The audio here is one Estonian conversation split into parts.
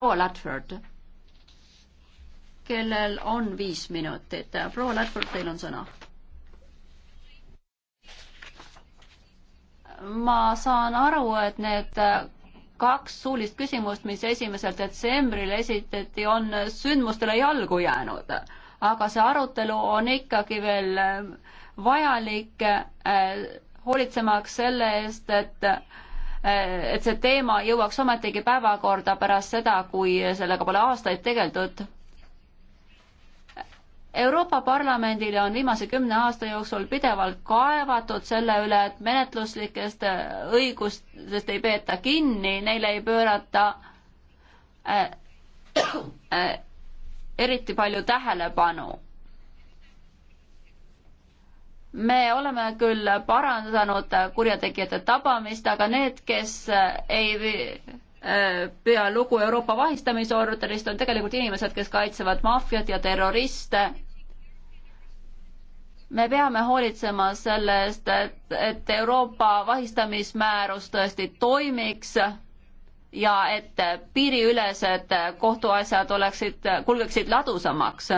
proua Ladford, kellel on viis minutit. proua Ladford, teil on sõna. ma saan aru, et need kaks suulist küsimust, mis esimesel detsembril esitati, on sündmustele jalgu jäänud, aga see arutelu on ikkagi veel eh, vajalik, eh, hoolitsemaks selle eest, et Äh, et see teema jõuaks ometigi päevakorda pärast seda, kui sellega pole aastaid tegeldud. Euroopa Parlamendile on viimase kümne aasta jooksul pidevalt kaevatud selle üle, et menetluslikest õigustest ei peeta kinni, neile ei pöörata äh, äh, eriti palju tähelepanu me oleme küll parandanud kurjategijate tabamist, aga need, kes ei äh, pea lugu Euroopa vahistamisorderist, on tegelikult inimesed, kes kaitsevad maffiat ja terroriste. me peame hoolitsema selle eest, et, et Euroopa vahistamismäärus tõesti toimiks ja et piiriülesed kohtuasjad oleksid, kulgeksid ladusamaks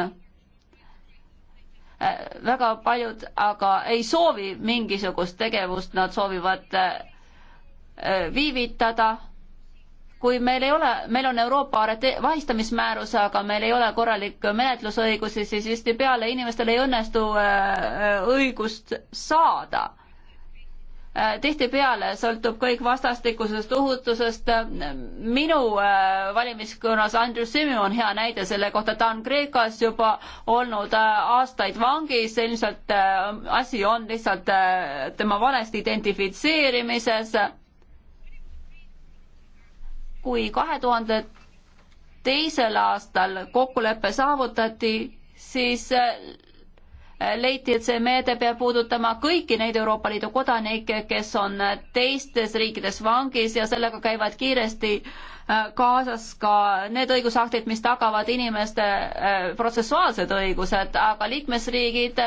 Äh, väga paljud aga ei soovi mingisugust tegevust, nad soovivad äh, äh, viivitada. kui meil ei ole, meil on Euroopa vahistamismäärus, aga meil ei ole korralikke menetlusõigusi, siis tihtipeale inimestel ei õnnestu õigust saada Äh, tihtipeale sõltub kõik vastastikusest ohutusest. minu äh, valimiskonnas Andrew Simmi on hea näide selle kohta, ta on Kreekas juba olnud äh, aastaid vangis, ilmselt asi on lihtsalt tema valesti identifitseerimises. kui kahe tuhande teisel aastal kokkulepe saavutati, siis leiti, et see meede peab puudutama kõiki neid Euroopa Liidu kodanikke, kes on teistes riikides vangis ja sellega käivad kiiresti äh, kaasas ka need õigusaktid, mis tagavad inimeste äh, protsessuaalsed õigused, aga liikmesriigid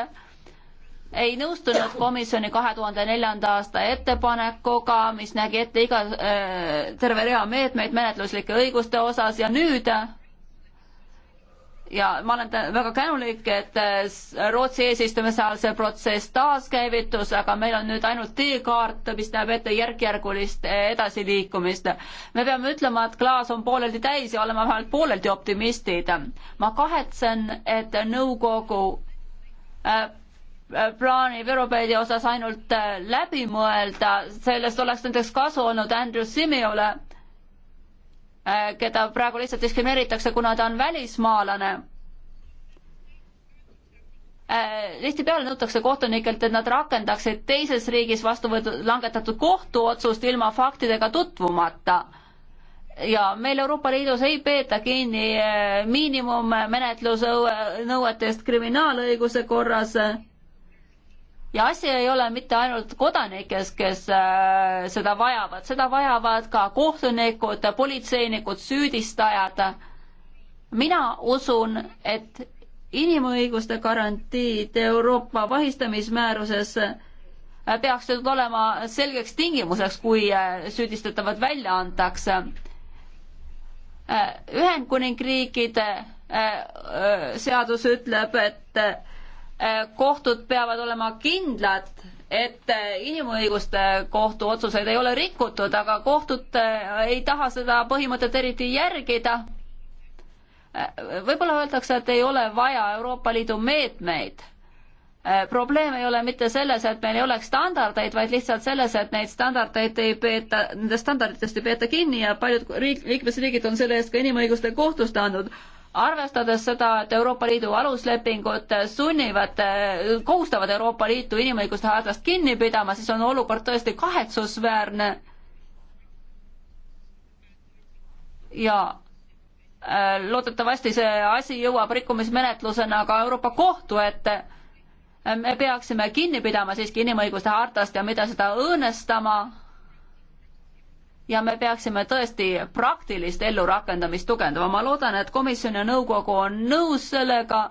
ei nõustunud komisjoni kahe tuhande neljanda aasta ettepanekuga, mis nägi ette iga, äh, terve rea meetmeid menetluslike õiguste osas ja nüüd ja ma olen väga tänulik, et äh, Rootsi eesistumise ajal see protsess taaskäivitus, aga meil on nüüd ainult teekaart, mis näeb ette järk-järgulist äh, edasiliikumist. me peame ütlema, et klaas on pooleldi täis ja oleme vähemalt pooleldi optimistid. ma kahetsen, et nõukogu äh, plaanib Europeedi osas ainult läbi mõelda, sellest oleks näiteks kasu olnud Andrew Simiole Äh, keda praegu lihtsalt diskrimineeritakse, kuna ta on välismaalane. Äh, tihtipeale nõutakse kohtunikelt, et nad rakendaksid teises riigis vastu võetud, langetatud kohtuotsust ilma faktidega tutvumata ja meil Euroopa Liidus ei peeta kinni äh, miinimummenetluse nõuetest kriminaalõiguse korras ja asi ei ole mitte ainult kodanikes, kes äh, seda vajavad, seda vajavad ka kohtunikud, politseinikud, süüdistajad. mina usun, et inimõiguste garantiid Euroopa vahistamismääruses äh, peaksid olema selgeks tingimuseks, kui äh, süüdistatavad välja antakse. Ühendkuningriikide seadus ütleb, et Eh, kohtud peavad olema kindlad, et eh, inimõiguste kohtu otsuseid ei ole rikutud, aga kohtud eh, ei taha seda põhimõtet eriti järgida. võib-olla öeldakse, et ei ole vaja Euroopa Liidu meetmeid. probleem ei ole mitte selles, et meil ei oleks standardeid, vaid lihtsalt selles, et neid standardeid ei peeta, nendest standarditest ei peeta kinni ja paljud riik, liikmesriigid on selle eest ka inimõiguste kohtust andnud arvestades seda, et Euroopa Liidu aluslepingud sunnivad, kohustavad Euroopa Liitu inimõiguste hartast kinni pidama, siis on olukord tõesti kahetsusväärne. ja äh, loodetavasti see asi jõuab rikkumismenetlusena ka Euroopa Kohtu ette. me peaksime kinni pidama siiski inimõiguste hartast ja mida seda õõnestama ja me peaksime tõesti praktilist ellurakendamist tugevdama. ma loodan, et komisjon ja nõukogu on nõus sellega,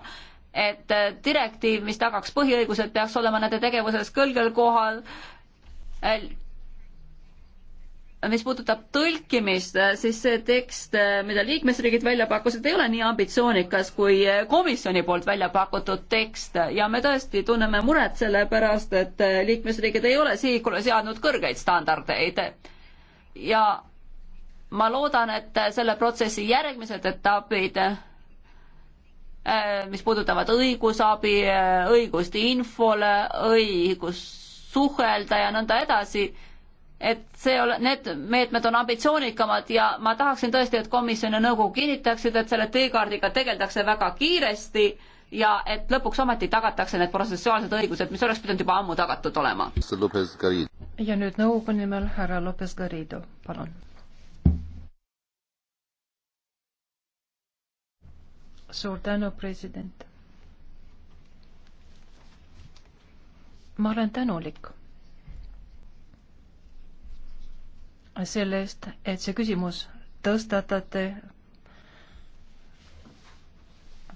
et direktiiv, mis tagaks põhiõigused, peaks olema nende tegevuses kõlgel kohal. mis puudutab tõlkimist, siis see tekst, mida liikmesriigid välja pakkusid, ei ole nii ambitsioonikas kui komisjoni poolt välja pakutud tekst ja me tõesti tunneme muret selle pärast, et liikmesriigid ei ole sihikule seadnud kõrgeid standardeid ja ma loodan, et selle protsessi järgmised etapid, eh, mis puudutavad õigusabi, eh, õigust infole, õigust suhelda ja nõnda edasi, et see ole, need meetmed on ambitsioonikamad ja ma tahaksin tõesti, et komisjon ja nõukogu kinnitaksid, et selle teekaardiga tegeldakse väga kiiresti ja et lõpuks ometi tagatakse need protsessuaalsed õigused, mis oleks pidanud juba ammu tagatud olema. ja nüüd nõukogu nimel härra Lopez Garrido, palun. suur tänu, president. ma olen tänulik selle eest, et see küsimus tõstatate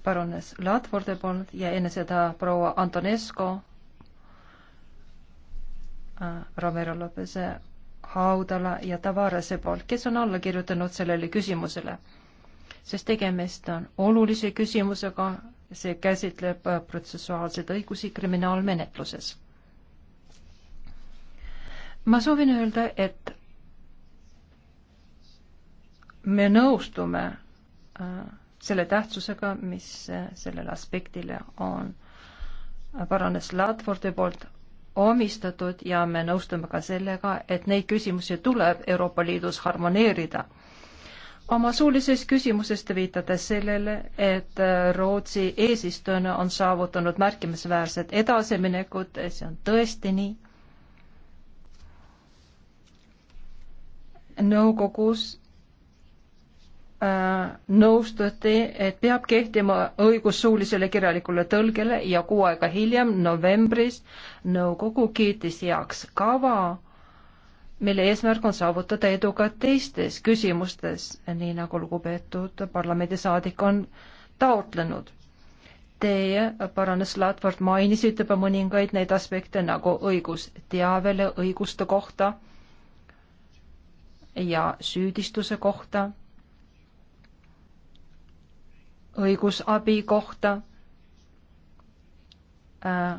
parunes Latvordi poolt ja enne seda proua Antonesco äh, Romero Lopese Haudala ja Tavarese poolt, kes on alla kirjutanud sellele küsimusele. sest tegemist on olulise küsimusega, see käsitleb äh, protsessuaalseid õigusi kriminaalmenetluses. ma soovin öelda, et me nõustume äh, selle tähtsusega, mis äh, sellele aspektile on äh, paranes Ladfordi poolt omistatud ja me nõustume ka sellega, et neid küsimusi tuleb Euroopa Liidus harmoneerida. oma suulises küsimuses te viitate sellele, et äh, Rootsi eesistujana on saavutanud märkimisväärsed edasiminekud, see on tõesti nii. nõukogus Äh, nõustuti, et peab kehtima õigus suulisele kirjalikule tõlgele ja kuu aega hiljem, novembris, nõukogu kiitis heaks kava, mille eesmärk on saavutada edu ka teistes küsimustes, nii nagu lugupeetud parlamendisaadik on taotlenud. Teie, paranes Latvart, mainisite juba mõningaid neid aspekte nagu õigus teavele õiguste kohta ja süüdistuse kohta õigusabi kohta äh,,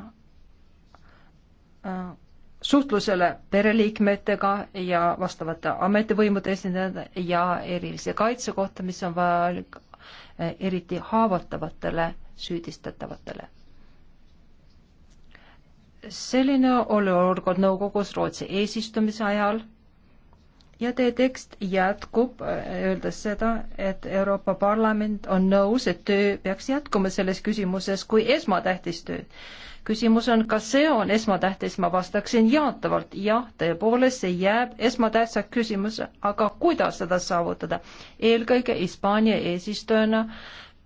äh, suhtlusele pereliikmetega ja vastavate ametivõimude esindajad ja erilise kaitse kohta, mis on vajalik äh, eriti haavatavatele süüdistatavatele selline oli olukord nõukogus Rootsi eesistumise ajal ja teie tekst jätkub, äh, öeldes seda, et Euroopa Parlament on nõus, et töö peaks jätkuma selles küsimuses kui esmatähtis töö. küsimus on, kas see on esmatähtis, ma vastaksin jaatavalt, jah, tõepoolest, see jääb esmatähtsaks küsimus, aga kuidas seda saavutada? eelkõige Hispaania eesistujana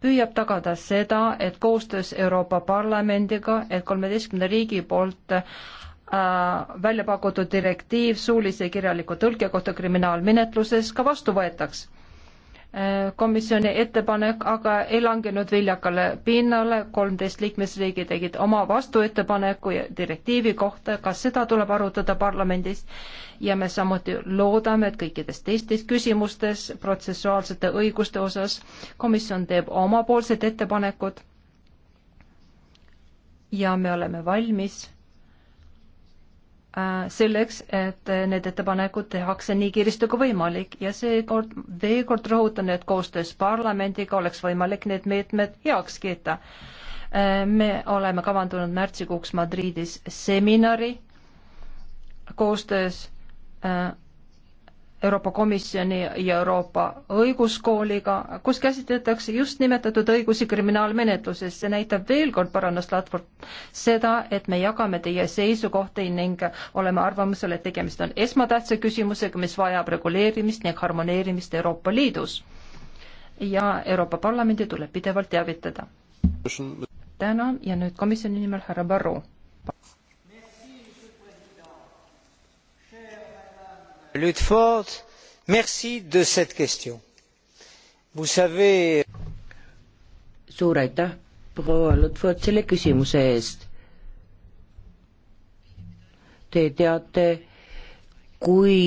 püüab tagada seda, et koostöös Euroopa Parlamendiga, et kolmeteistkümne riigi poolt Äh, välja pakutud direktiiv suulise kirjaliku tõlke kohta kriminaalmenetluses ka vastu võetaks. Äh, komisjoni ettepanek aga ei langenud viljakale pinnale, kolmteist liikmesriigi tegid oma vastuettepaneku direktiivi kohta, kas seda tuleb arutada parlamendis ja me samuti loodame, et kõikides teistes küsimustes protsessuaalsete õiguste osas komisjon teeb omapoolsed ettepanekud ja me oleme valmis Äh, selleks, et äh, need ettepanekud tehakse nii kiiresti kui võimalik ja seekord veel kord rõhutan, et koostöös parlamendiga oleks võimalik need meetmed heaks kiita. Äh, me oleme kavandanud märtsikuuks Madridis seminari koostöös Euroopa Komisjoni ja Euroopa õiguskooliga, kus käsitletakse just nimetatud õigusi kriminaalmenetluses. see näitab veel kord, paranes Latvort, seda, et me jagame teie seisukohti ning oleme arvamusel, et tegemist on esmatähtsa küsimusega, mis vajab reguleerimist ning harmoneerimist Euroopa Liidus. ja Euroopa Parlamendi tuleb pidevalt teavitada. tänan ja nüüd komisjoni nimel härra Barrot ludford merci de cette question. vous savez. suur aitäh proua ludford selle küsimuse eest. Te teate, kui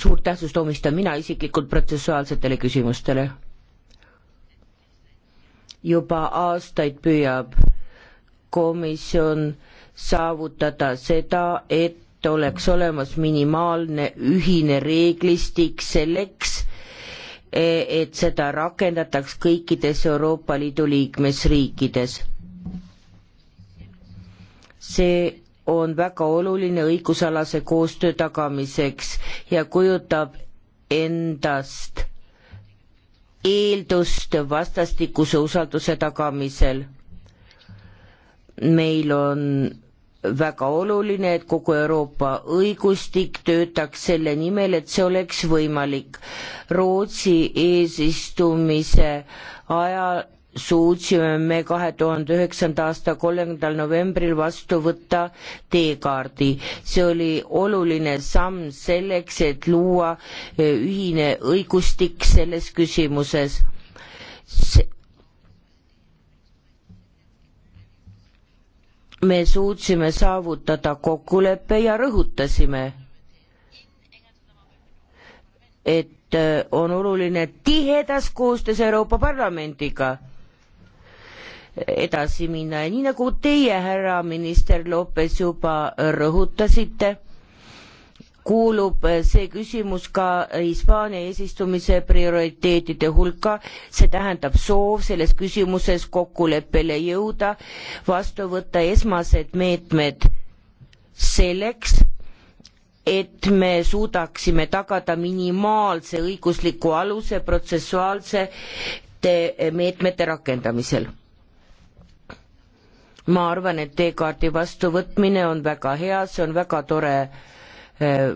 suurt tähtsust omistan mina isiklikult protsessuaalsetele küsimustele? juba aastaid püüab komisjon saavutada seda, et et oleks olemas minimaalne ühine reeglistik selleks, e, et seda rakendataks kõikides Euroopa Liidu liikmesriikides. see on väga oluline õigusalase koostöö tagamiseks ja kujutab endast eeldust vastastikuse usalduse tagamisel. meil on väga oluline, et kogu Euroopa õigustik töötaks selle nimel, et see oleks võimalik. Rootsi eesistumise ajal suutsime me kahe tuhande üheksanda aasta kolmandal novembril vastu võtta teekaardi. see oli oluline samm selleks, et luua ühine õigustik selles küsimuses. me suutsime saavutada kokkuleppe ja rõhutasime, et äh, on oluline tihedas koostöös Euroopa Parlamendiga edasi minna ja nii nagu teie, härra minister Lopes, juba rõhutasite kuulub eh, see küsimus ka Hispaania eesistumise prioriteetide hulka, see tähendab soov selles küsimuses kokkuleppele jõuda, vastu võtta esmased meetmed selleks, et me suudaksime tagada minimaalse õigusliku aluse protsessuaalsete eh, meetmete rakendamisel ma arvan, et teekaardi vastuvõtmine on väga hea, see on väga tore äh, Äh,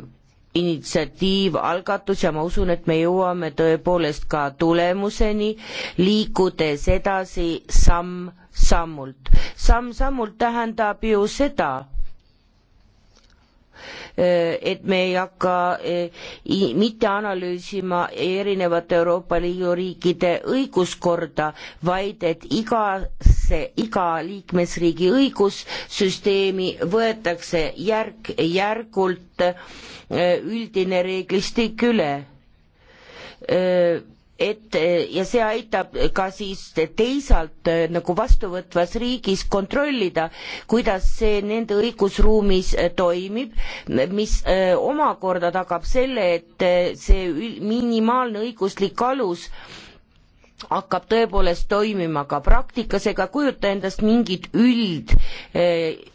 initsiatiiv, algatus ja ma usun, et me jõuame tõepoolest ka tulemuseni, liikudes edasi samm-sammult. samm-sammult tähendab ju seda, et me ei hakka eh, mitte analüüsima erinevate Euroopa Liidu riikide õiguskorda, vaid et igasse, iga liikmesriigi õigussüsteemi võetakse järk-järgult eh, üldine reeglistik üle eh, et eh, ja see aitab ka siis teisalt eh, nagu vastuvõtvas riigis kontrollida, kuidas see nende õigusruumis eh, toimib, mis omakorda tagab selle, et see minimaalne õiguslik alus hakkab tõepoolest toimima ka praktikas ega kujuta endast mingit üld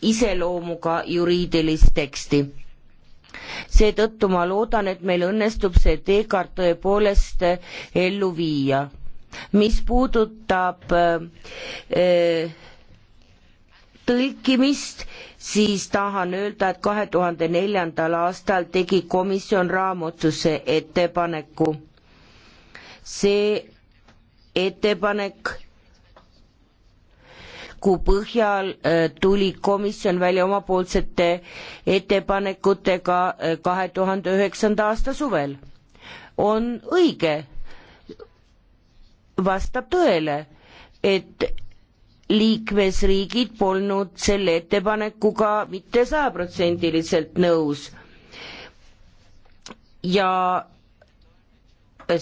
iseloomuga juriidilist teksti seetõttu ma loodan, et meil õnnestub see teekaart tõepoolest ellu viia. mis puudutab äh, tõlkimist, siis tahan öelda, et kahe tuhande neljandal aastal tegi komisjon raamotsuse ettepaneku. see ettepanek kuhu põhjal äh, tuli komisjon välja omapoolsete ettepanekutega äh, kahe tuhande üheksanda aasta suvel. on õige, vastab tõele, et liikmesriigid polnud selle ettepanekuga mitte sajaprotsendiliselt nõus. ja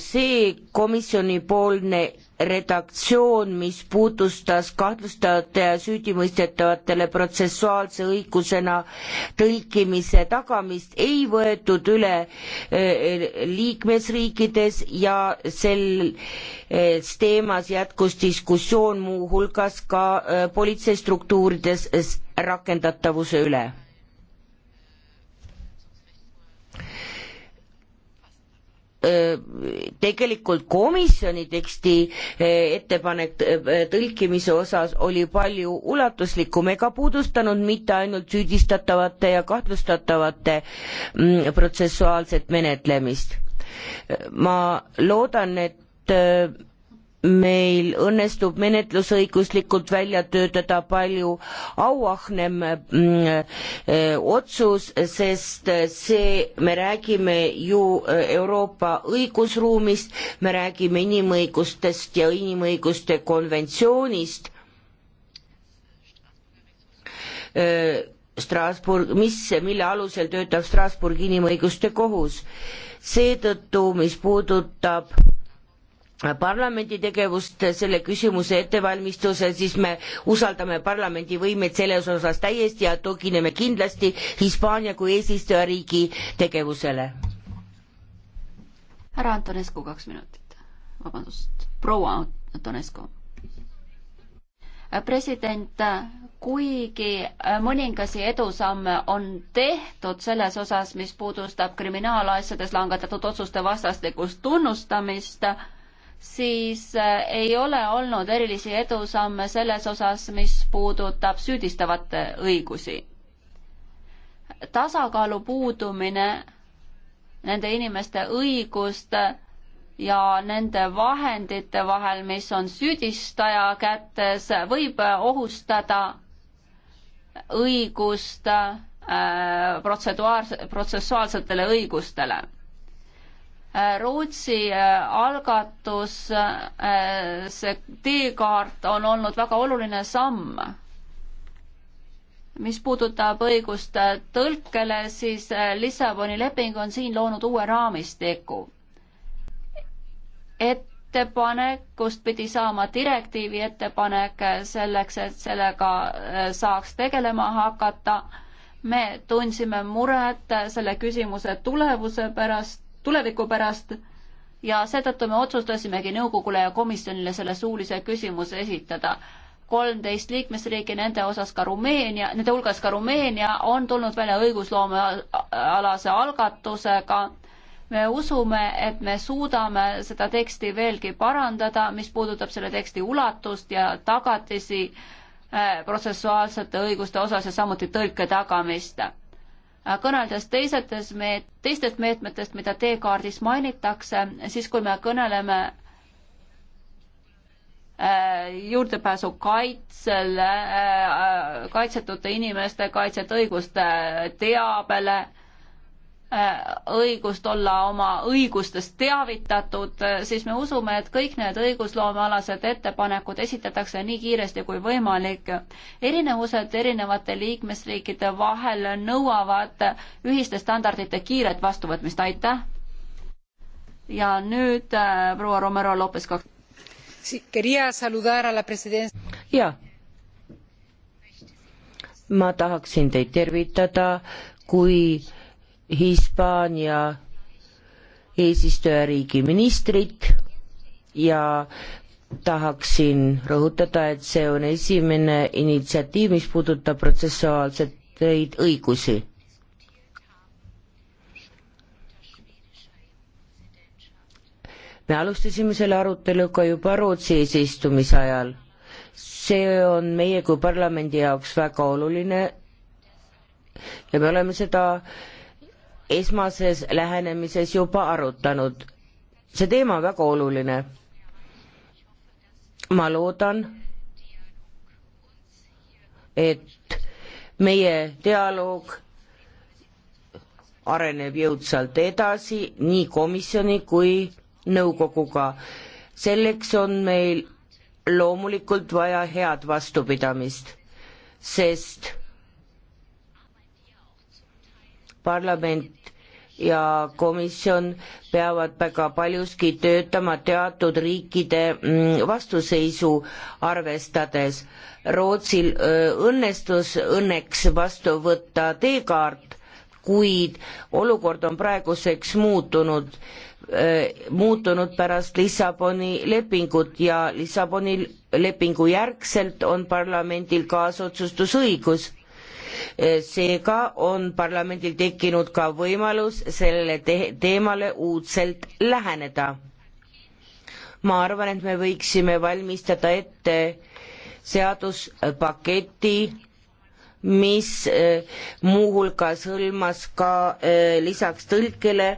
see komisjonipoolne redaktsioon, mis puudustas kahtlustatavate ja süüdimõistetavatele protsessuaalse õigusena tõlkimise tagamist, ei võetud üle eh, liikmesriikides ja selles eh, teemas jätkus diskussioon muuhulgas ka eh, politseistruktuurides rakendatavuse üle tegelikult komisjoni teksti ettepanek tõlkimise osas oli palju ulatuslikum ega puudustanud mitte ainult süüdistatavate ja kahtlustatavate mm, protsessuaalset menetlemist. ma loodan, et meil õnnestub menetlusõiguslikult välja töötada palju auahnem mm, äh, otsus, sest see, me räägime ju äh, Euroopa õigusruumist, me räägime inimõigustest ja inimõiguste konventsioonist. Äh, Strasbourg, mis, mille alusel töötab Strasbourgi inimõiguste kohus. seetõttu, mis puudutab parlamendi tegevust selle küsimuse ettevalmistuses, siis me usaldame parlamendi võimeid selles osas täiesti ja tugineme kindlasti Hispaania kui eesistujariigi tegevusele. härra Antonescu, kaks minutit. vabandust, proua Antonescu. president, kuigi mõningasi edusamme on tehtud selles osas, mis puudustab kriminaalasjades langetatud otsuste vastastikust tunnustamist, siis äh, ei ole olnud erilisi edusamme selles osas, mis puudutab süüdistavate õigusi. tasakaalu puudumine nende inimeste õiguste ja nende vahendite vahel, mis on süüdistaja kätes, võib ohustada õigust äh, protseduaarse, protsessuaalsetele õigustele Rootsi äh, algatus, äh, see teekaart on olnud väga oluline samm. mis puudutab õigust tõlkele, siis äh, Lissaboni leping on siin loonud uue raamistiku. ettepanekust pidi saama direktiivi ettepanek selleks, et sellega saaks tegelema hakata. me tundsime muret selle küsimuse tulevuse pärast tuleviku pärast ja seetõttu me otsustasimegi nõukogule ja komisjonile selle suulise küsimuse esitada. kolmteist liikmesriiki, nende osas ka Rumeenia, nende hulgas ka Rumeenia on tulnud välja õigusloomealase algatusega. me usume, et me suudame seda teksti veelgi parandada, mis puudutab selle teksti ulatust ja tagatisi eh, protsessuaalsete õiguste osas ja samuti tõlke tagamist Äh, kõneldes teisetes meet-, teistest meetmetest, mida teekaardis mainitakse, siis kui me kõneleme äh, juurdepääsu kaitsele, äh, kaitsetute inimeste kaitset õiguste teabele Äh, õigust olla oma õigustest teavitatud, äh, siis me usume, et kõik need õigusloomealased ettepanekud esitatakse nii kiiresti kui võimalik. erinevused erinevate liikmesriikide vahel nõuavad ühiste standardite kiiret vastuvõtmist, aitäh! ja nüüd äh, proua Romero Lopez kaks. jaa. ma tahaksin teid tervitada, kui äh, Hispaania eesistujariigi ministrit ja tahaksin rõhutada, et see on esimene initsiatiiv, mis puudutab protsessuaalseid õigusi. me alustasime selle aruteluga juba Rootsi eesistumise ajal. see on meie kui parlamendi jaoks väga oluline ja me oleme seda äh, esmases lähenemises juba arutanud. see teema on väga oluline. ma loodan, et meie dialoog areneb jõudsalt edasi nii komisjoni kui nõukoguga. selleks on meil loomulikult vaja head vastupidamist, sest parlament ja komisjon peavad väga paljuski töötama teatud riikide mm, vastuseisu arvestades. Rootsil õnnestus õnneks vastu võtta teekaart, kuid olukord on praeguseks muutunud, muutunud pärast Lissaboni lepingut ja Lissaboni lepingu järgselt on parlamendil kaasotsustusõigus seega on parlamendil tekkinud ka võimalus sellele te teemale uudselt läheneda. ma arvan, et me võiksime valmistada ette seaduspaketi, mis eh, muuhulgas hõlmas ka eh, lisaks tõlkele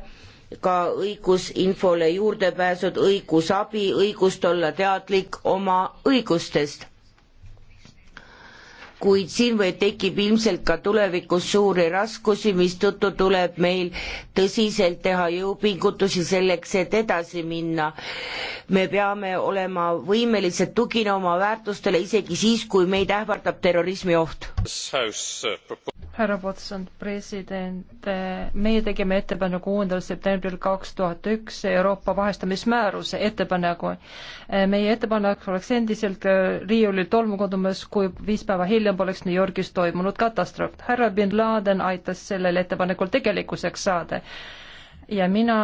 ka õigusinfole juurdepääsud, õigusabi, õigust olla teadlik oma õigustest kuid siin või tekib ilmselt ka tulevikus suuri raskusi, mistõttu tuleb meil tõsiselt teha jõupingutusi selleks, et edasi minna. me peame olema võimelised tuginema oma väärtustele isegi siis, kui meid ähvardab terrorismi oht. härra Potson, president, meie tegime ettepaneku kuuendal septembril kaks tuhat üks Euroopa vahestamismääruse ettepaneku. meie ettepanek oleks endiselt riiulil tolmukodumas, kui viis päeva hiljem hiljem oleks New Yorgis toimunud katastroof. härra bin Laden aitas sellel ettepanekul tegelikkuseks saada ja mina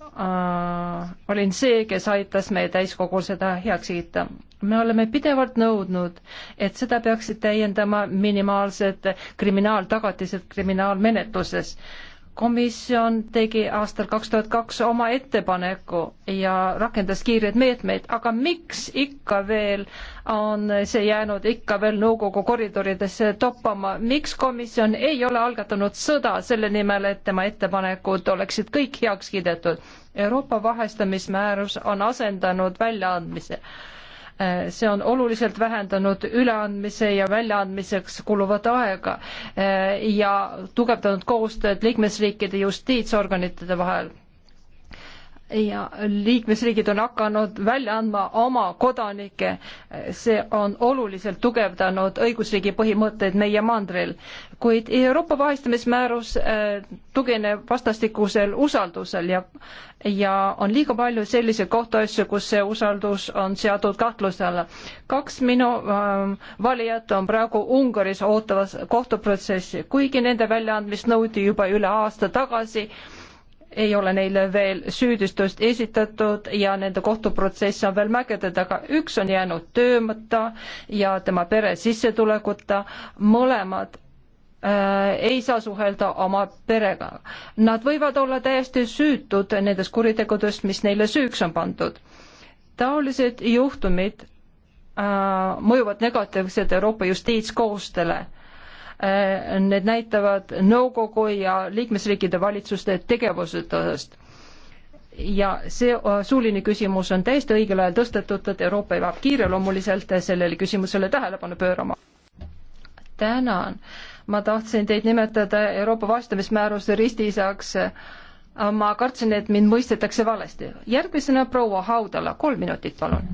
äh, olin see, kes aitas meie täiskogul seda heaks kiita. me oleme pidevalt nõudnud, et seda peaksid täiendama minimaalsed kriminaaltagatised kriminaalmenetluses äh, komisjon tegi aastal kaks tuhat kaks oma ettepaneku ja rakendas kiireid meetmeid, aga miks ikka veel on see jäänud ikka veel nõukogu koridoridesse toppama, miks komisjon ei ole algatanud sõda selle nimel, et tema ettepanekud oleksid kõik heaks kiidetud? Euroopa vahestamismäärus on asendanud väljaandmise Äh, see on oluliselt vähendanud üleandmise ja väljaandmiseks kuluvat aega äh, ja tugevdanud koostööd liikmesriikide justiitsorganite vahel ja liikmesriigid on hakanud välja andma oma kodanikke. see on oluliselt tugevdanud õigusriigi põhimõtteid meie mandril, kuid Euroopa vahistamismäärus äh, tugineb vastastikusel usaldusel ja, ja on liiga palju selliseid kohtuasju, kus see usaldus on seatud kahtluse alla. kaks minu äh, valijat on praegu Ungaris ootavas kohtuprotsessi, kuigi nende väljaandmist nõuti juba üle aasta tagasi äh, ei ole neile veel süüdistust esitatud ja nende kohtuprotsess on veel mägede taga. üks on jäänud töömata ja tema pere sissetulekuta, mõlemad äh, ei saa suhelda oma perega. Nad võivad olla täiesti süütud nendest kuritegudest, mis neile süüks on pandud. taolised juhtumid äh, mõjuvad negatiivselt Euroopa justiitskohustele Äh, need näitavad nõukogu ja liikmesriikide valitsuste tegevusetust. ja see äh, suuline küsimus on täiesti õigel ajal tõstetud, et Euroopa peab kiireloomuliselt sellele küsimusele tähelepanu pöörama. tänan. ma tahtsin teid nimetada Euroopa vastamismääruse ristiisaks äh, ma kartsin, et mind mõistetakse valesti. järgmisena proua Haudala, kolm minutit, palun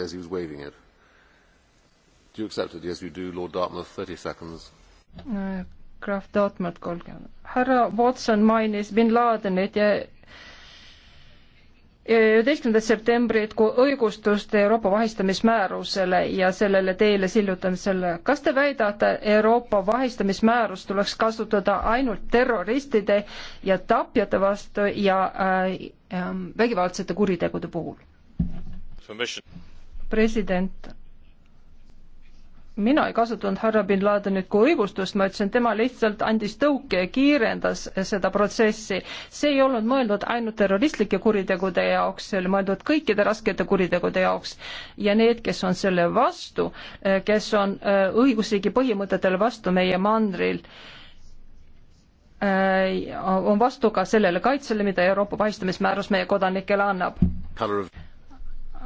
as he was waving it. Do you accept it? Yes, you do. Lord Dartmouth, 30 seconds. Graf Dartmouth, kolmkümmend. härra Watson mainis bin Ladenit ja üheteistkümnendat septembrit kui õigustust Euroopa vahistamismäärusele ja sellele teele sillutamisele. kas te väidate, Euroopa vahistamismäärus tuleks kasutada ainult terroristide ja tapjate vastu ja äh, äh, vägivaldsete kuritegude puhul? president, mina ei kasutanud härra bin Ladenit kui õigustust, ma ütlesin, tema lihtsalt andis tõuke ja kiirendas seda protsessi. see ei olnud mõeldud ainult terroristlike kuritegude jaoks, see oli mõeldud kõikide raskete kuritegude jaoks ja need, kes on selle vastu, eh, kes on eh, õigusriigi põhimõtetele vastu meie mandril, eh, on vastu ka sellele kaitsele, mida Euroopa vahistamismäärus meie kodanikele annab.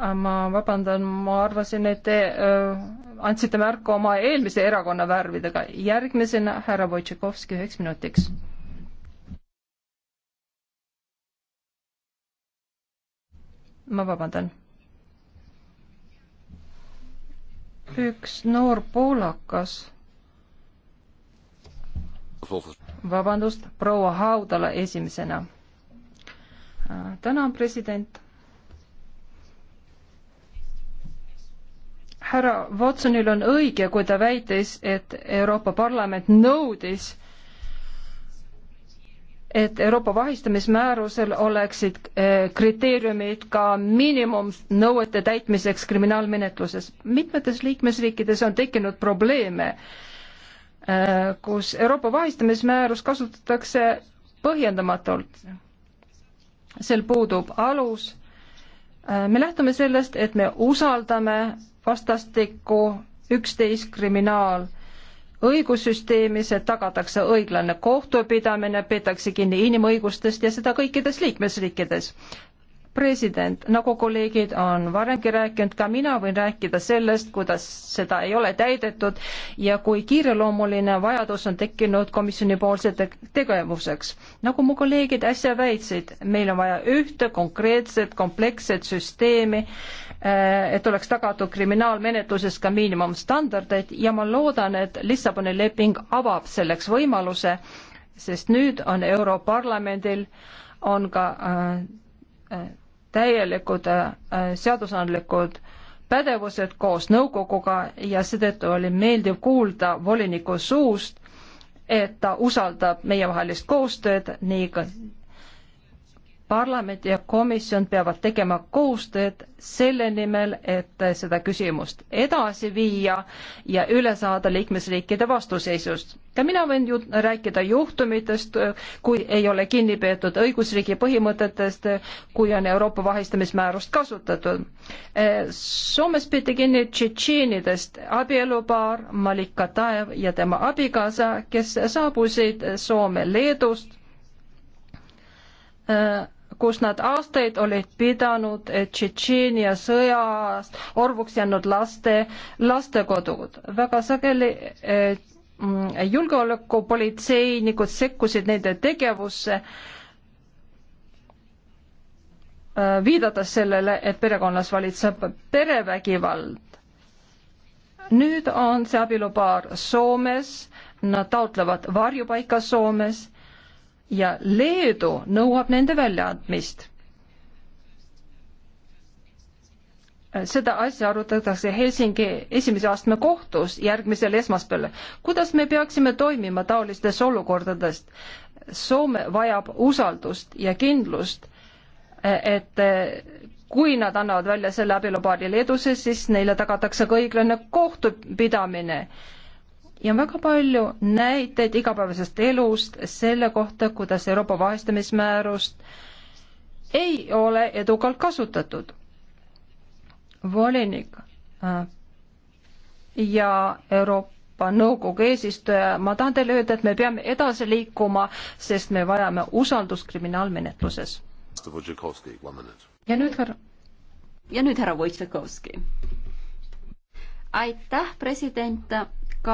Äh, ma vabandan, ma arvasin, et te öö, äh, andsite märku oma eelmise erakonna värvidega. järgmisena härra Wojtšikovski üheks minutiks. ma vabandan. üks noor poolakas. vabandust, proua Haudala esimesena. Äh, tänan, president härra Watsonil on õige, kui ta väitis, et Euroopa Parlament nõudis, et Euroopa vahistamismäärusel oleksid eh, kriteeriumid ka miinimumnõuete täitmiseks kriminaalmenetluses. mitmetes liikmesriikides on tekkinud probleeme, eh, kus Euroopa vahistamismäärus kasutatakse põhjendamatult. sel puudub alus eh, me lähtume sellest, et me usaldame vastastikku üksteist kriminaal õigussüsteemis, et tagatakse õiglane kohtupidamine, peetakse kinni inimõigustest ja seda kõikides liikmesriikides president, nagu kolleegid on varemgi rääkinud, ka mina võin rääkida sellest, kuidas seda ei ole täidetud ja kui kiireloomuline vajadus on tekkinud komisjonipoolsete tegevuseks. nagu mu kolleegid äsja väitsid, meil on vaja ühte konkreetset kompleksset süsteemi, äh, et oleks tagatud kriminaalmenetluses ka miinimumstandardid ja ma loodan, et Lissaboni leping avab selleks võimaluse, sest nüüd on Europarlamendil on ka äh, äh, täielikud äh, seadusandlikud pädevused koos nõukoguga ja seetõttu oli meeldiv kuulda voliniku suust, et ta usaldab meievahelist koostööd nii ka parlament ja komisjon peavad tegema koostööd selle nimel, et seda küsimust edasi viia ja üle saada liikmesriikide vastuseisust. ka mina võin ju rääkida juhtumitest, kui ei ole kinni peetud õigusriigi põhimõtetest, kui on Euroopa vahistamismäärust kasutatud. Soomes peeti kinni tšetšeenidest abielupaar Malik Kataev ja tema abikaasa, kes saabusid Soome Leedust kus nad aastaid olid pidanud Tšetšeenia sõjast orvuks jäänud laste lastekodud. väga sageli eh, mm, julgeolekupolitseinikud sekkusid nende tegevusse, eh, viidates sellele, et perekonnas valitseb perevägivald. nüüd on see abielupaar Soomes, nad taotlevad varjupaika Soomes ja Leedu nõuab nende väljaandmist. seda asja arutatakse Helsingi esimese astme kohtus järgmisel esmaspäeval. kuidas me peaksime toimima taolistes olukordades? Soome vajab usaldust ja kindlust, et kui nad annavad välja selle abielupaari Leedusse, siis neile tagatakse ka õiglane kohtupidamine ja on väga palju näiteid igapäevasest elust selle kohta, kuidas Euroopa vahistamismäärust ei ole edukalt kasutatud. volinik äh, ja Euroopa Nõukogu eesistuja, ma tahan teile öelda, et me peame edasi liikuma, sest me vajame usaldust kriminaalmenetluses. ja nüüd härra. ja nüüd härra Wojtšakovski. aitäh, president ka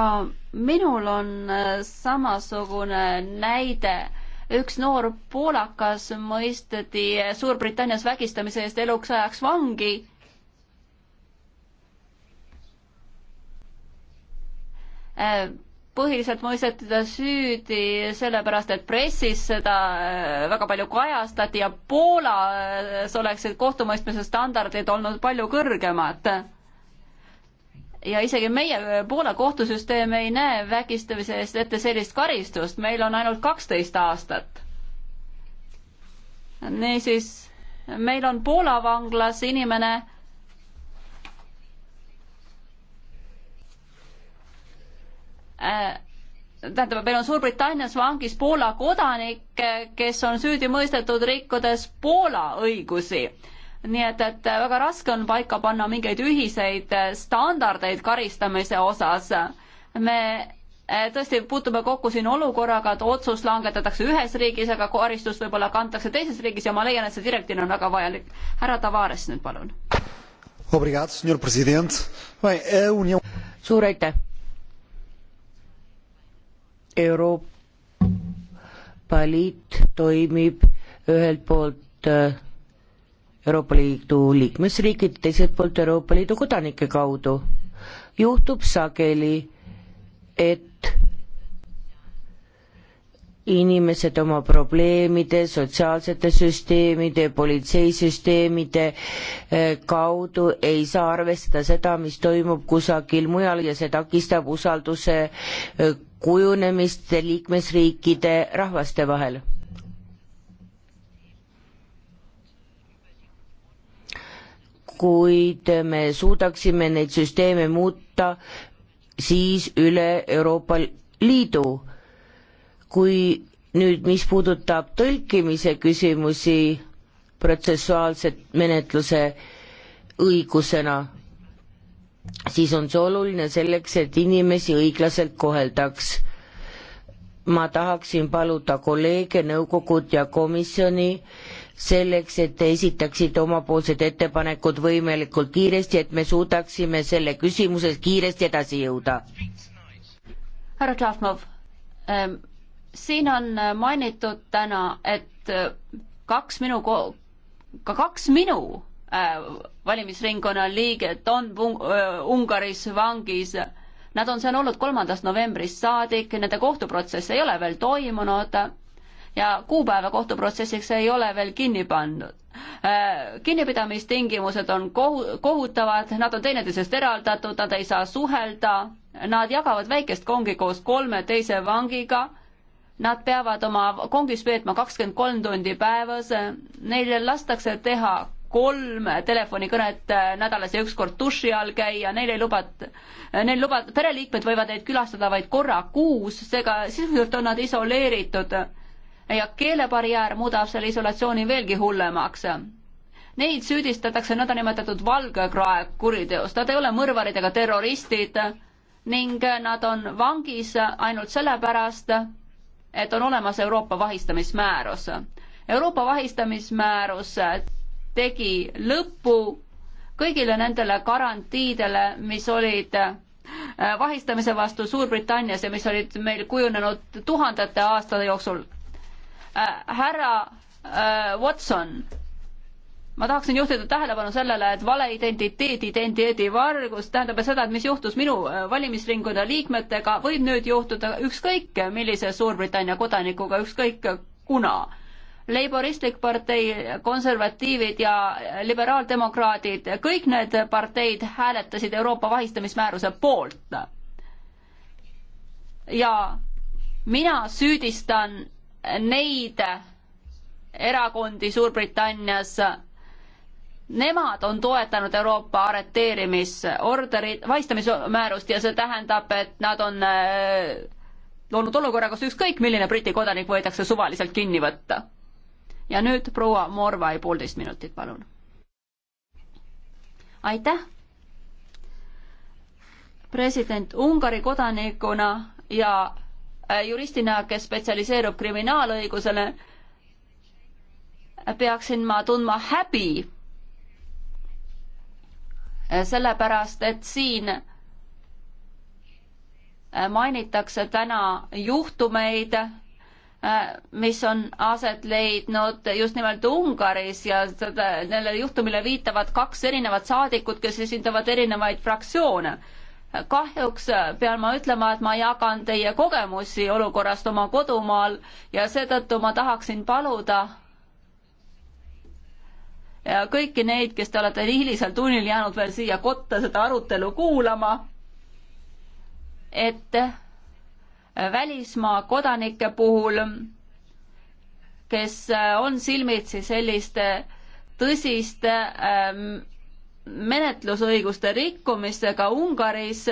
minul on äh, samasugune näide. üks noor poolakas mõisteti Suurbritannias vägistamise eest eluks ajaks vangi. Äh, põhiliselt mõisteti ta süüdi sellepärast, et pressis seda äh, väga palju kajastati ja Poolas oleksid kohtumõistmise standardid olnud palju kõrgemad ja isegi meie Poola kohtusüsteem ei näe vägistamise eest ette sellist karistust, meil on ainult kaksteist aastat. niisiis, meil on Poola vanglas inimene, äh, tähendab, meil on Suurbritannias vangis Poola kodanik, kes on süüdi mõistetud rikkudes Poola õigusi nii et, et väga raske on paika panna mingeid ühiseid standardeid karistamise osas. me e, tõesti puutume kokku siin olukorraga, et otsus langetatakse ühes riigis, aga karistus võib-olla kantakse teises riigis ja ma leian, et see direktiiv on väga vajalik. härra Tavares nüüd palun. suur aitäh. Euroopa Liit toimib ühelt poolt e, Euroopa Liidu liikmesriigid, teiselt poolt Euroopa Liidu kodanike kaudu. juhtub sageli, et inimesed oma probleemide, sotsiaalsete süsteemide, politseisüsteemide eh, kaudu ei saa arvestada seda, mis toimub kusagil mujal ja see takistab usalduse eh, kujunemist liikmesriikide rahvaste vahel kuid me suudaksime neid süsteeme muuta siis üle Euroopa Liidu. kui nüüd, mis puudutab tõlkimise küsimusi protsessuaalse menetluse õigusena, siis on see oluline selleks, et inimesi õiglaselt koheldaks ma tahaksin paluda kolleege, nõukogud ja komisjoni selleks, et te esitaksite omapoolsed ettepanekud võimalikult kiiresti, et me suudaksime selle küsimuses kiiresti edasi jõuda. härra Tšahhnov, ähm, siin on mainitud täna, et äh, kaks minu, ka kaks minu äh, valimisringkonna liiget on äh, Ungaris vangis. Nad on seal olnud kolmandast novembrist saadik, nende kohtuprotsess ei ole veel toimunud ja kuupäeva kohtuprotsessiks ei ole veel kinni pandud. Äh, kinnipidamistingimused on kohu-, kohutavad, nad on teineteisest eraldatud, nad ei saa suhelda, nad jagavad väikest kongi koos kolme teise vangiga Nad peavad oma kongis veetma kakskümmend kolm tundi päevas, neile lastakse teha kolm telefonikõnet äh, nädalas ja üks kord duši all käia, neil ei lubata, neil lubat-, pereliikmed võivad neid külastada vaid korra kuus, seega sisuliselt on nad isoleeritud ja keelebarjäär muudab selle isolatsiooni veelgi hullemaks. Neid süüdistatakse nõndanimetatud valgekrae kuriteost, nad ei ole mõrvarid ega terroristid ning nad on vangis ainult sellepärast, et on olemas Euroopa vahistamismäärus. Euroopa vahistamismäärus tegi lõpu kõigile nendele garantiidele, mis olid äh, vahistamise vastu Suurbritannias ja mis olid meil kujunenud tuhandete aastate jooksul Äh, härra äh, Watson, ma tahaksin juhtida tähelepanu sellele, et valeidentiteet, identiteedivargus tähendab seda, et mis juhtus minu äh, valimisringkonna liikmetega, võib nüüd juhtuda ükskõik millise Suurbritannia kodanikuga, ükskõik kuna Leiboristlik partei, konservatiivid ja liberaaldemokraadid, kõik need parteid hääletasid Euroopa vahistamismääruse poolt. ja mina süüdistan neid erakondi Suurbritannias, nemad on toetanud Euroopa arreteerimisorderit, vahistamismäärust ja see tähendab, et nad on äh, loonud olukorra, kus ükskõik milline Briti kodanik võidakse suvaliselt kinni võtta. ja nüüd proua Morvai, poolteist minutit, palun. aitäh. president Ungari kodanikuna ja Äh, juristina, kes spetsialiseerub kriminaalõigusele, peaksin ma tundma häbi äh, sellepärast, et siin äh, mainitakse täna juhtumeid, mis on aset leidnud just nimelt Ungaris ja seda, sellele juhtumile viitavad kaks erinevat saadikut, kes esindavad erinevaid fraktsioone kahjuks pean ma ütlema, et ma jagan teie kogemusi olukorrast oma kodumaal ja seetõttu ma tahaksin paluda ja kõiki neid, kes te olete hilisel tunnil jäänud veel siia kotta seda arutelu kuulama, et välismaa kodanike puhul, kes on silmitsi selliste tõsiste ähm, menetlusõiguste rikkumistega Ungaris.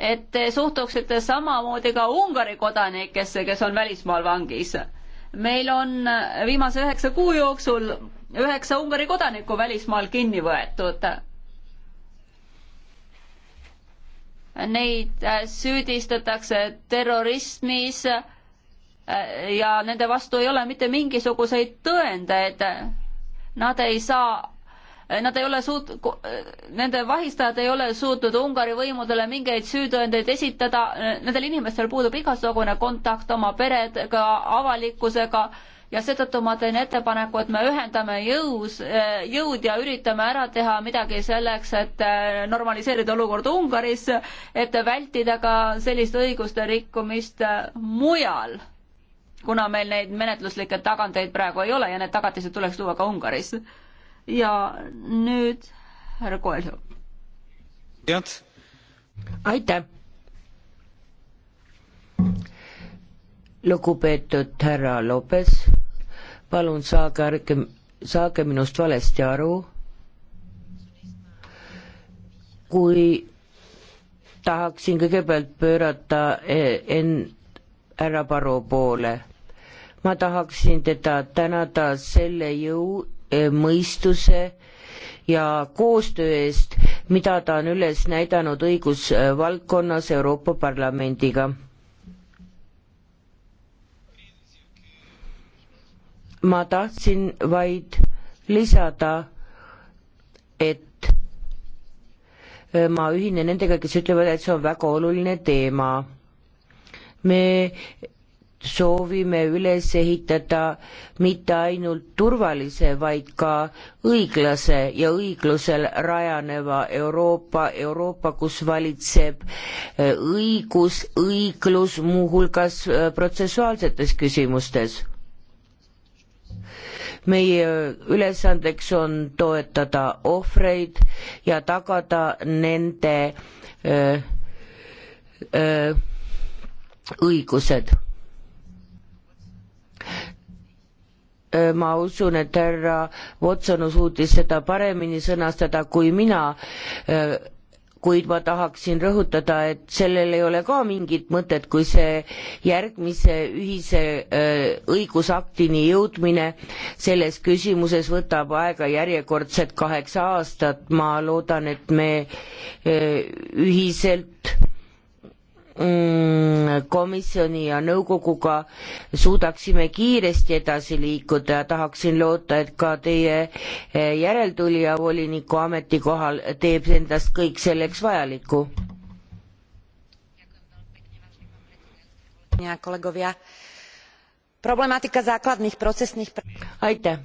et te suhtuksite samamoodi ka Ungari kodanikesse, kes on välismaal vangis. meil on viimase üheksa kuu jooksul üheksa Ungari kodanikku välismaal kinni võetud neid süüdistatakse terrorismis, Äh, ja nende vastu ei ole mitte mingisuguseid tõendeid. Nad ei saa, äh, nad ei ole suut-, äh, nende vahistajad ei ole suutnud Ungari võimudele mingeid süütõendeid esitada, nendel inimestel puudub igasugune kontakt oma peredega, avalikkusega ja seetõttu ma teen ettepaneku, et me ühendame jõus, jõud ja üritame ära teha midagi selleks, et normaliseerida olukord Ungaris, et vältida ka sellist õiguste rikkumist mujal kuna meil neid menetluslikke tagandeid praegu ei ole ja need tagatised tuleks luua ka Ungaris. ja nüüd härra Koelho. aitäh. lugupeetud härra Lopes, palun saage ärge, saage minust valesti aru. kui tahaksin kõigepealt pöörata e-, end härra Paro poole ma tahaksin teda tänada selle jõu, eh, mõistuse ja koostöö eest, mida ta on üles näidanud õigusvaldkonnas Euroopa Parlamendiga. ma tahtsin vaid lisada, et eh, ma ühinen nendega, kes ütlevad, et see on väga oluline teema. me soovime üles ehitada mitte ainult turvalise, vaid ka õiglase ja õiglusel rajaneva Euroopa, Euroopa, kus valitseb äh, õigus, õiglus muuhulgas äh, protsessuaalsetes küsimustes. meie ülesandeks on toetada ohvreid ja tagada nende öö, äh, öö, õigused ma usun, et härra Watson suutis seda paremini sõnastada kui mina, kuid ma tahaksin rõhutada, et sellel ei ole ka mingit mõtet, kui see järgmise ühise õigusaktini jõudmine selles küsimuses võtab aega järjekordselt kaheksa aastat, ma loodan, et me ühiselt Mm, komisjoni ja nõukoguga suudaksime kiiresti edasi liikuda ja tahaksin loota, et ka teie eh, järeltulija voliniku ametikohal teeb endast kõik selleks vajalikku. aitäh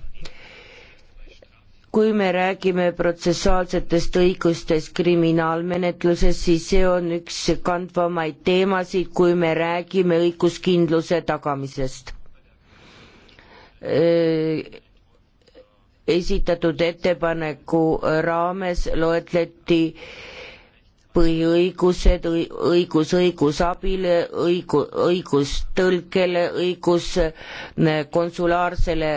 kui me räägime protsessuaalsetest õigustest kriminaalmenetluses, siis see on üks kandvamaid teemasid, kui me räägime õiguskindluse tagamisest. Äh, esitatud ettepaneku raames loetleti põhiõigused, õigus õigusabile, õigu-, õigus tõlkele, äh, õigus konsulaarsele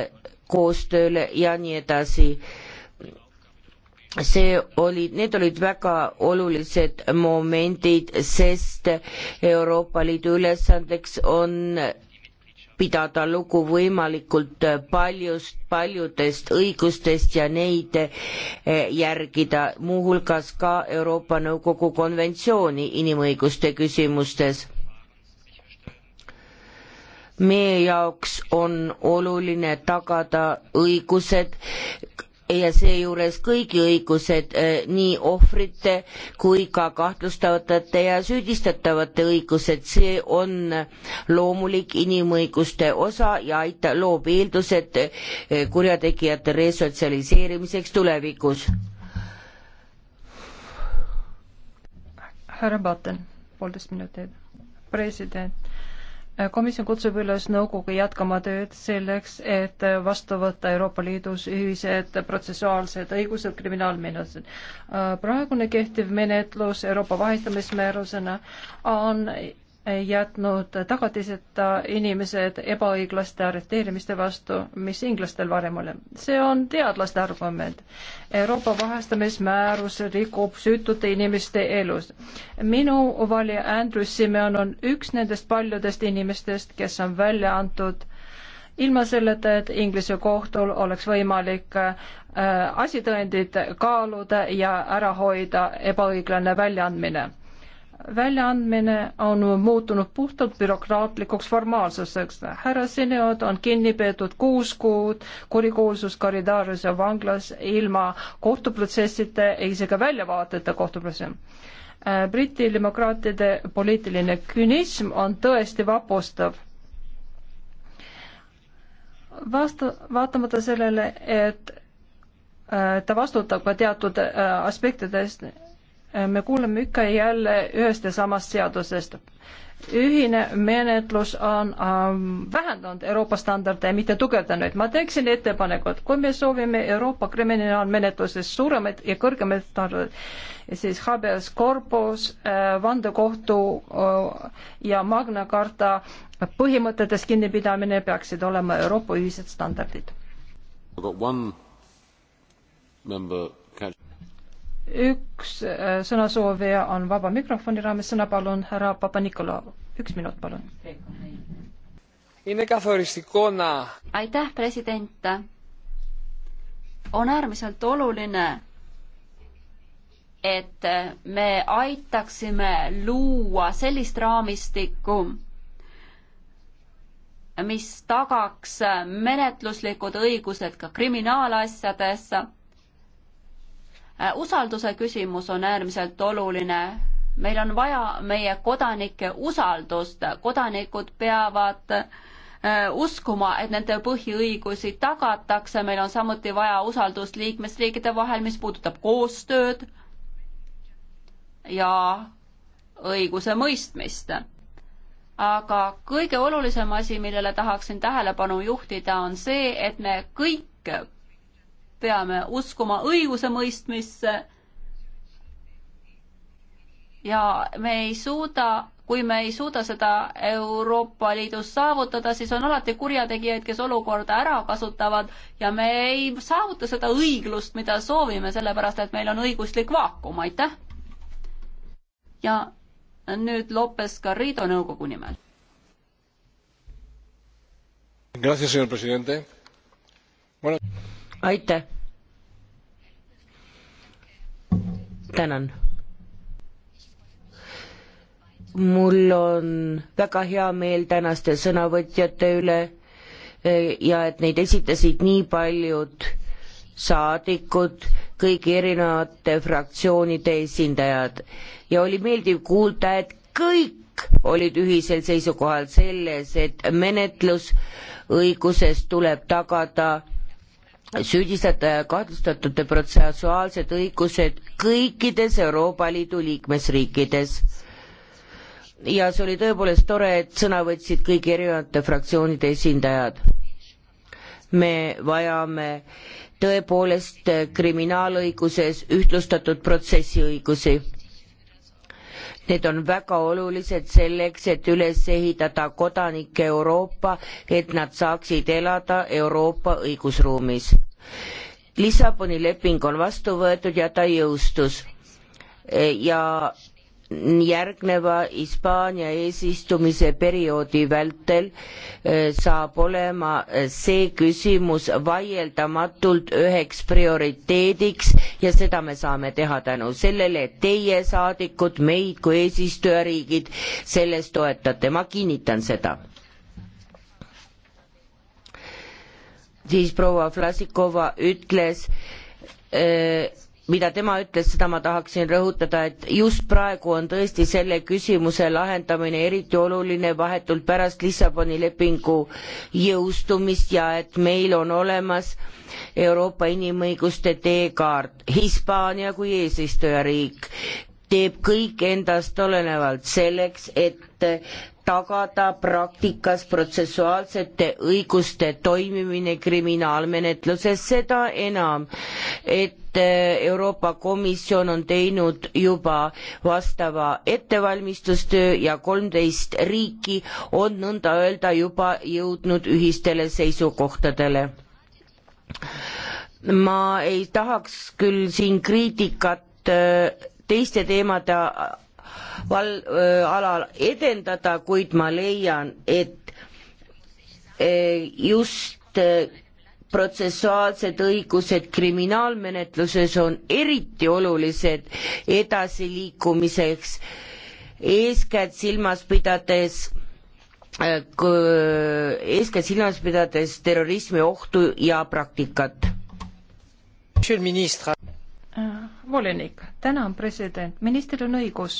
koostööle ja nii edasi see oli, need olid väga olulised momendid, sest Euroopa Liidu ülesandeks on pidada lugu võimalikult paljust, paljudest õigustest ja neid eh, järgida, muuhulgas ka Euroopa Nõukogu konventsiooni inimõiguste küsimustes. meie jaoks on oluline tagada õigused ja seejuures kõigi õigused, eh, nii ohvrite kui ka kahtlustatavate ja süüdistatavate õigused, see on loomulik inimõiguste osa ja aita-, loob eeldused eh, kurjategijate resotsialiseerimiseks tulevikus. härra Batten, poolteist minutit. president komisjon kutsub üles nõukogu jätkama tööd selleks, et vastu võtta Euroopa Liidus ühised protsessuaalsed õigused kriminaalmenetlused. praegune kehtiv menetlus Euroopa vahistamismäärusena on jätnud tagatiseta inimesed ebaõiglaste arreteerimiste vastu, mis inglastel varem oli. see on teadlaste argument. Euroopa vahestamismäärus rikub süütute inimeste elus. minu valija Andrew Simeon on üks nendest paljudest inimestest, kes on välja antud ilma selleta, et Inglise kohtul oleks võimalik äh, asitõendid kaaluda ja ära hoida ebaõiglane väljaandmine väljaandmine on muutunud puhtalt bürokraatlikuks formaalsuseks. härra Sineod on kinni peetud kuus kuud kurikuulsus koridorides ja vanglas ilma kohtuprotsessita ja isegi väljavaateta kohtuprotsessi. Briti demokraatide poliitiline künism on tõesti vapustav. vastu, vaatamata sellele, et äh, ta vastutab ka teatud äh, aspektidest me kuuleme ikka ja jälle ühest ja samast seadusest. ühine menetlus on ähm, vähendanud Euroopa standarde, mitte tugevdanud. ma teeksin ettepaneku, et kui me soovime Euroopa kriminaalmenetluses suuremaid ja kõrgemaid standardeid, siis habeas corpus äh,, vandekohtu äh, ja Magna Carta põhimõtetest kinnipidamine peaksid olema Euroopa ühised standardid. I've got one member üks äh, sõnasoovija on vaba mikrofoni raames, sõna palun härra Papa-Nikolau, üks minut palun. aitäh, president. on äärmiselt oluline, et me aitaksime luua sellist raamistikku, mis tagaks menetluslikud õigused ka kriminaalasjades Äh, usalduse küsimus on äärmiselt oluline. meil on vaja meie kodanike usaldust, kodanikud peavad äh, uskuma, et nende põhiõigusi tagatakse, meil on samuti vaja usaldust liikmesriikide vahel, mis puudutab koostööd ja õigusemõistmist. aga kõige olulisem asi, millele tahaksin tähelepanu juhtida, on see, et me kõik peame uskuma õigusemõistmisse. ja me ei suuda, kui me ei suuda seda Euroopa Liidus saavutada, siis on alati kurjategijaid, kes olukorda ära kasutavad ja me ei saavuta seda õiglust, mida soovime, sellepärast et meil on õiguslik vaakum, aitäh. ja nüüd Lopez Garrido nõukogu nimel. Gracias, señor presidente. Bueno aitäh. tänan. mul on väga hea meel tänaste sõnavõtjate üle e, ja et neid esitasid nii paljud saadikud, kõigi erinevate fraktsioonide esindajad ja oli meeldiv kuulda, et kõik olid ühisel seisukohal selles, et menetlusõiguses tuleb tagada süüdistajate ja kahtlustatute protsessuaalsed õigused kõikides Euroopa Liidu liikmesriikides. ja see oli tõepoolest tore, et sõna võtsid kõigi erinevate fraktsioonide esindajad. me vajame tõepoolest kriminaalõiguses ühtlustatud protsessiõigusi Need on väga olulised selleks, et üles ehitada kodanike Euroopa, et nad saaksid elada Euroopa õigusruumis. Lissaboni leping on vastu võetud ja ta jõustus ja järgneva Hispaania eesistumise perioodi vältel äh, saab olema äh, see küsimus vaieldamatult üheks prioriteediks ja seda me saame teha tänu sellele, et teie saadikud, meid kui eesistujariigid selles toetate, ma kinnitan seda. siis proua Vlasikova ütles öö, äh, mida tema ütles, seda ma tahaksin rõhutada, et just praegu on tõesti selle küsimuse lahendamine eriti oluline vahetult pärast Lissaboni lepingu jõustumist ja et meil on olemas Euroopa inimõiguste teekaart. Hispaania kui eesistujariik teeb kõik endast olenevalt selleks, et tagada praktikas protsessuaalsete õiguste toimimine kriminaalmenetluses, seda enam, et äh, Euroopa Komisjon on teinud juba vastava ettevalmistustöö ja kolmteist riiki on nõnda öelda juba jõudnud ühistele seisukohtadele ma ei tahaks küll siin kriitikat äh, teiste teemade val-, äh, alal edendada, kuid ma leian, et äh, just äh, protsessuaalsed õigused kriminaalmenetluses on eriti olulised edasiliikumiseks, eeskätt silmas pidades eeskätt silmas pidades terrorismi ohtu ja praktikat. volinik, täna on president, ministril on õigus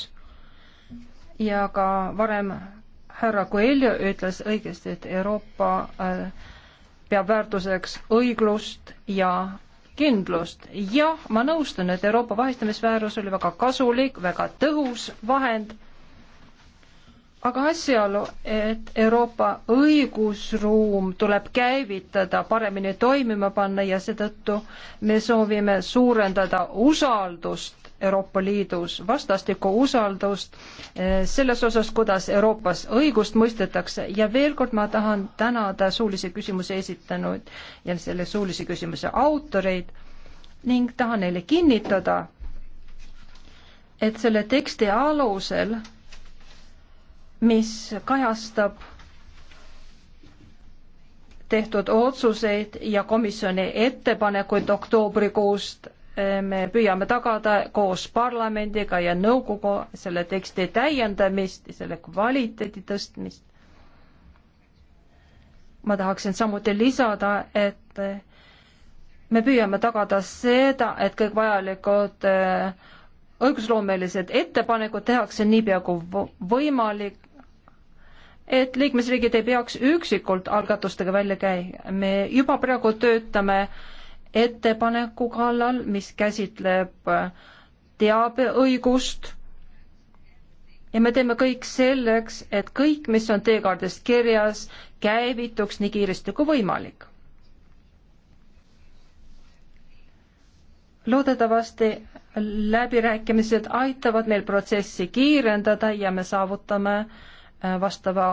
ja ka varem härra Coelho ütles õigesti, et Euroopa äh, peab väärtuseks õiglust ja kindlust. jah, ma nõustun, et Euroopa vahistamisväärus oli väga kasulik, väga tõhus vahend, aga asjaolu, et Euroopa õigusruum tuleb käivitada, paremini toimima panna ja seetõttu me soovime suurendada usaldust Euroopa Liidus, vastastikku usaldust eh, selles osas, kuidas Euroopas õigust mõistetakse ja veel kord ma tahan tänada suulise küsimuse esitanud ja selle suulise küsimuse autoreid ning tahan neile kinnitada, et selle teksti alusel, mis kajastab tehtud otsuseid ja komisjoni ettepanekuid oktoobrikuust me püüame tagada koos parlamendiga ja nõukogu selle teksti täiendamist, selle kvaliteedi tõstmist. ma tahaksin samuti lisada, et me püüame tagada seda, et kõik vajalikud äh, õigusloomelised ettepanekud tehakse niipea kui võimalik, et liikmesriigid ei peaks üksikult algatustega välja käima. me juba praegu töötame äh, ettepaneku kallal, mis käsitleb äh, teabeõigust ja me teeme kõik selleks, et kõik, mis on teekaardis kirjas, käivituks nii kiiresti kui võimalik. loodetavasti läbirääkimised aitavad meil protsessi kiirendada ja me saavutame äh, vastava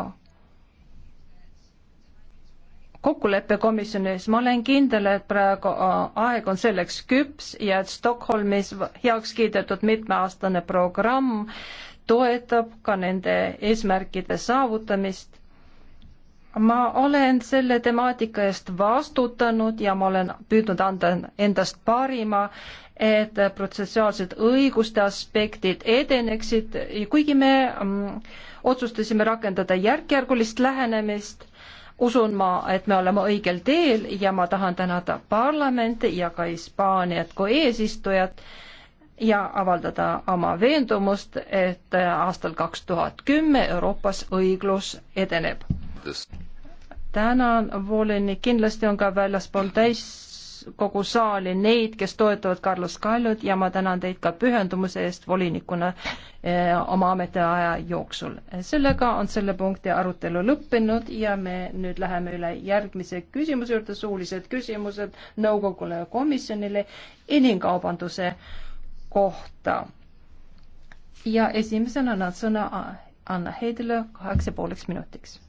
kokkulepe komisjonis, ma olen kindel, et praegu äh, aeg on selleks küps ja et Stockholmis heaks kiidetud mitmeaastane programm toetab ka nende eesmärkide saavutamist. ma olen selle temaatika eest vastutanud ja ma olen püüdnud anda endast parima, et protsessuaalsed õiguste aspektid edeneksid, kuigi me mm, otsustasime rakendada järkjärgulist lähenemist usun ma, et me oleme õigel teel ja ma tahan tänada parlamenti ja ka Hispaaniat kui eesistujat ja avaldada oma veendumust, et aastal kaks tuhat kümme Euroopas õiglus edeneb. tänan, volinik, kindlasti on ka väljaspool täis kogu saali neid, kes toetavad Carlos Kaljut ja ma tänan teid ka pühendumuse eest volinikuna eh, oma ametiaja jooksul. sellega on selle punkti arutelu lõppenud ja me nüüd läheme üle järgmise küsimuse juurde, suulised küsimused nõukogule ja komisjonile inimkaubanduse kohta. ja esimesena annan sõna Anna Heidele kaheksa pooleks minutiks.